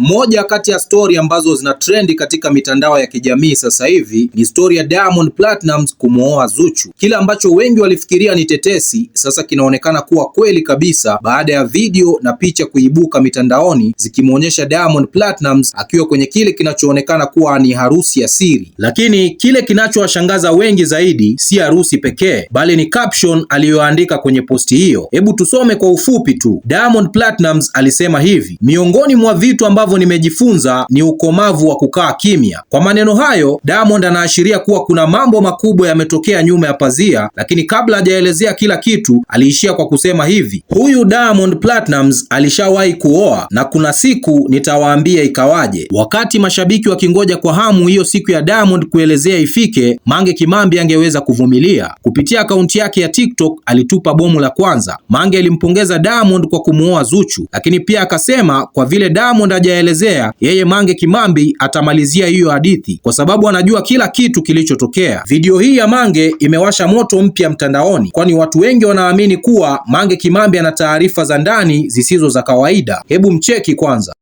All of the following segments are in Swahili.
Moja kati ya stori ambazo zina trendi katika mitandao ya kijamii sasa hivi ni stori ya Diamond Platnumz kumwoa Zuchu. Kile ambacho wengi walifikiria ni tetesi, sasa kinaonekana kuwa kweli kabisa baada ya video na picha kuibuka mitandaoni zikimwonyesha Diamond Platnumz akiwa kwenye kile kinachoonekana kuwa ni harusi ya siri. Lakini kile kinachowashangaza wengi zaidi si harusi pekee, bali ni caption aliyoandika kwenye posti hiyo. Hebu tusome kwa ufupi tu. Diamond Platnumz alisema hivi: miongoni mwa vitu ambavyo ambavyo nimejifunza ni ukomavu wa kukaa kimya. Kwa maneno hayo, Diamond anaashiria kuwa kuna mambo makubwa yametokea nyuma ya pazia, lakini kabla hajaelezea kila kitu, aliishia kwa kusema hivi: huyu Diamond Platnumz alishawahi kuoa na kuna siku nitawaambia ikawaje. Wakati mashabiki wakingoja kwa hamu hiyo siku ya Diamond kuelezea ifike, Mange Kimambi angeweza kuvumilia. Kupitia akaunti yake ya TikTok alitupa bomu la kwanza. Mange alimpongeza Diamond kwa kumuoa Zuchu, lakini pia akasema kwa vile Diamond haja aliyoyaelezea yeye Mange Kimambi atamalizia hiyo hadithi, kwa sababu anajua kila kitu kilichotokea. Video hii ya Mange imewasha moto mpya mtandaoni, kwani watu wengi wanaamini kuwa Mange Kimambi ana taarifa za ndani zisizo za kawaida. Hebu mcheki kwanza.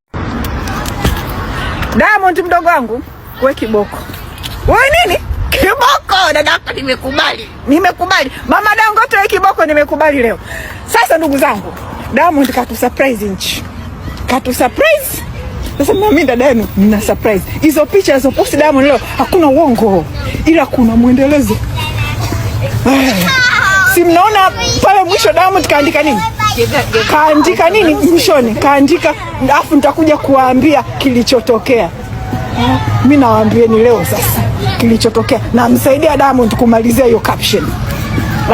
Diamond, mdogo wangu, we kiboko wewe nini kiboko dadako, nimekubali nimekubali. Mama Dangote wewe kiboko, nimekubali leo. Sasa ndugu zangu, Diamond katu surprise nchi, katu surprise sasa mimi dada yenu mna surprise. Hizo picha hizo post Diamond leo hakuna uongo, ila kuna mwendelezo. Si mnaona pale mwisho Diamond kaandika nini? Kaandika nini mwishoni? Kaandika afu nitakuja kuwaambia kilichotokea. Mimi nawaambieni leo sasa kilichotokea. Namsaidia Diamond kumalizia hiyo caption.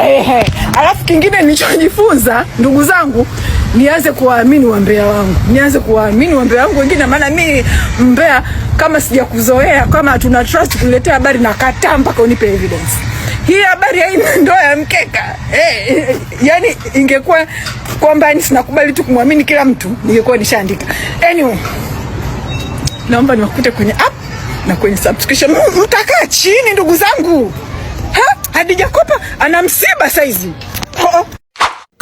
Ehe. Alafu kingine nilichojifunza ndugu zangu, nianze kuwaamini wambea wangu, nianze kuwaamini wambea wangu wengine, maana mimi mbea kama sijakuzoea, kama tuna trust kuletea habari na kataa mpaka unipe evidence. Hii habari ya ndoa ya mkeka eh, eh yani ingekuwa kwamba yani sinakubali tu kumwamini kila mtu, ningekuwa nishaandika. Anyway, naomba niwakute kwenye app na kwenye subscription. Mtakaa chini ndugu zangu. Hadija Kopa ana msiba saizi.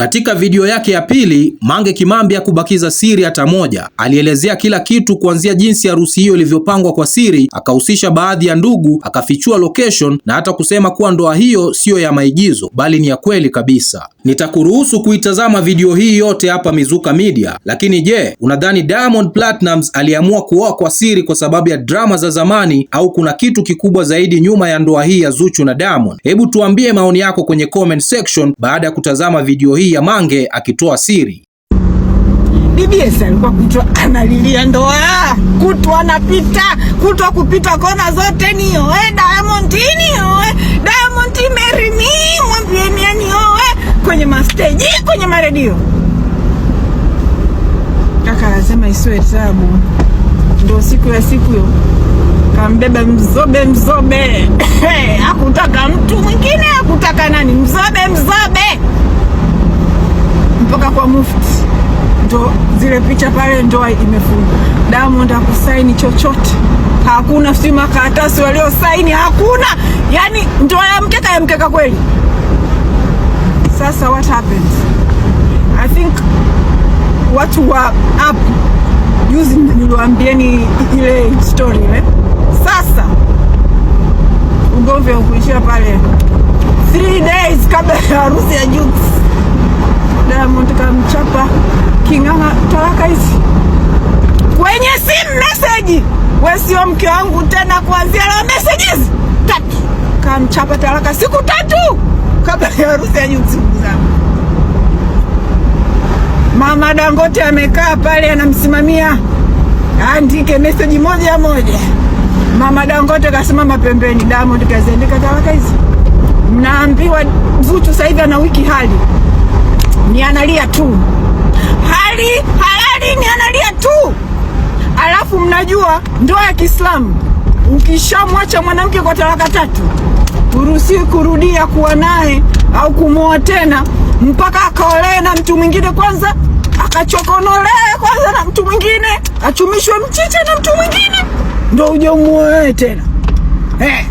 Katika video yake ya pili, Mange Kimambi hakubakiza siri hata moja. Alielezea kila kitu kuanzia jinsi harusi hiyo ilivyopangwa kwa siri, akahusisha baadhi ya ndugu, akafichua location na hata kusema kuwa ndoa hiyo siyo ya maigizo bali ni ya kweli kabisa. Nitakuruhusu kuitazama video hii yote hapa Mizuka Media, lakini je, unadhani Diamond Platnumz aliamua kuoa kwa siri kwa sababu ya drama za zamani au kuna kitu kikubwa zaidi nyuma ya ndoa hii ya Zuchu na Diamond? Hebu tuambie maoni yako kwenye comment section baada ya kutazama video hii ya Mange akitoa siri. Bibi Esa alikuwa kutwa analilia ndoa, kutwa anapita, kutwa kupita kona zote ni oe Diamond ni oe Diamond Mary ni mwambie ni oe kwenye masteji, kwenye maredio. Kaka anasema isiwe tabu. ndo siku ya siku hiyo. Kambeba mzobe mzobe. akutaka mtu mwingine, akutaka nani? Mzobe mzobe kwa mufti, ndo zile picha pale, ndoa imefungwa. Diamond hakusaini chochote, hakuna sijui makaratasi waliosaini, hakuna yani, ndoa ya mkeka ya mkeka kweli. Sasa what happens? I think watu wa app juzi niliwaambieni ile story ile. Sasa ugomvi ukuishia pale 3 days kabla ya harusi ya juzi simu message, wewe sio mke wangu tena, kuanzia leo messages tatu. Kamchapa talaka siku tatu kabla ya harusi ya Jux. Mama Dangote amekaa pale anamsimamia, andike message moja moja. Mama Dangote kasimama pembeni, Diamond kaziandika talaka hizi. Mnaambiwa Zuchu sasa hivi ana wiki hali ni analia tu. mnajua ndoa ya Kiislamu ukishamwacha mwanamke kwa talaka tatu, huruhusiwi kurudia kuwa naye au kumwoa tena mpaka akaolee na mtu mwingine kwanza, akachokonolee kwanza na mtu mwingine, achumishwe mchicha na mtu mwingine, ndo uje umwoe tena eh.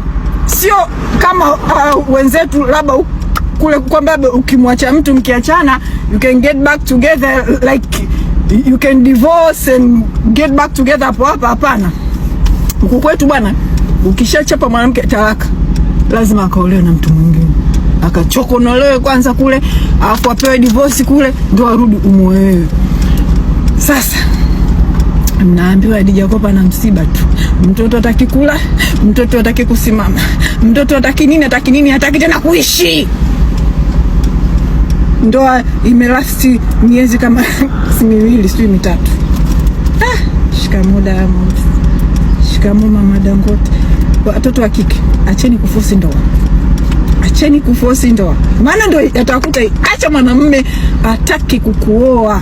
Sio kama uh, wenzetu labda kule kwamba ukimwacha mtu mkiachana, you can get back together like you can divorce and get back together hapo hapa. Hapana, huku kwetu bwana, ukishachapa mwanamke talaka, lazima akaolewe na mtu mwingine, akachokonolewe kwanza kule, alafu apewe divorce kule, ndio arudi umuolewe. Sasa mnaambiwa hadi Kopa na msiba tu, mtoto hataki kula, mtoto hataki kusimama, mtoto hataki nini, hataki nini, hataki tena kuishi ndoa imelasti miezi kama miwili sijui mitatu. Ah, shikamoo Diamond, shikamoo mama Dangote. Watoto wa kike, acheni kufosi ndoa, acheni kufosi ndoa, maana ndo atakuta. Acha mwanamume ataki kukuoa.